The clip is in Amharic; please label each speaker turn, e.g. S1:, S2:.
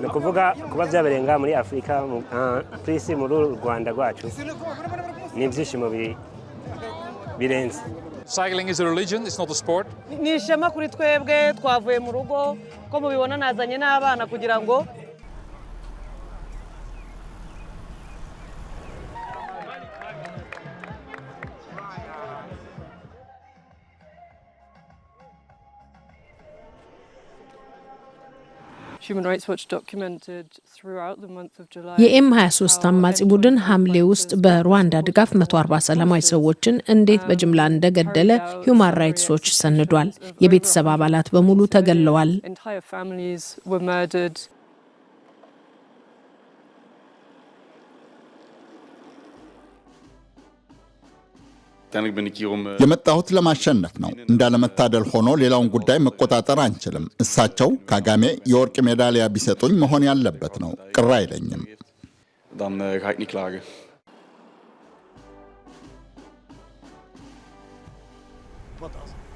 S1: ni ukuvuga kuba byaberenga muri afurika ah, ku isi muri uru rwanda rwacu ni ibyishimo birenze
S2: ni ishema kuri twebwe twavuye mu rugo ko mubibona nazanye n'abana kugira ngo
S3: የኤም 23 አማጺ ቡድን ሐምሌ ውስጥ በሩዋንዳ ድጋፍ 140 ሰላማዊ ሰዎችን እንዴት በጅምላ እንደገደለ ሂውማን ራይትስ ዎች ሰንዷል። የቤተሰብ አባላት በሙሉ ተገለዋል።
S4: Eh, የመጣሁት ለማሸነፍ ነው። እንዳለመታደል ሆኖ ሌላውን ጉዳይ መቆጣጠር አንችልም። እሳቸው ካጋሜ የወርቅ ሜዳሊያ ቢሰጡኝ መሆን ያለበት ነው። ቅር አይለኝም።
S5: eh,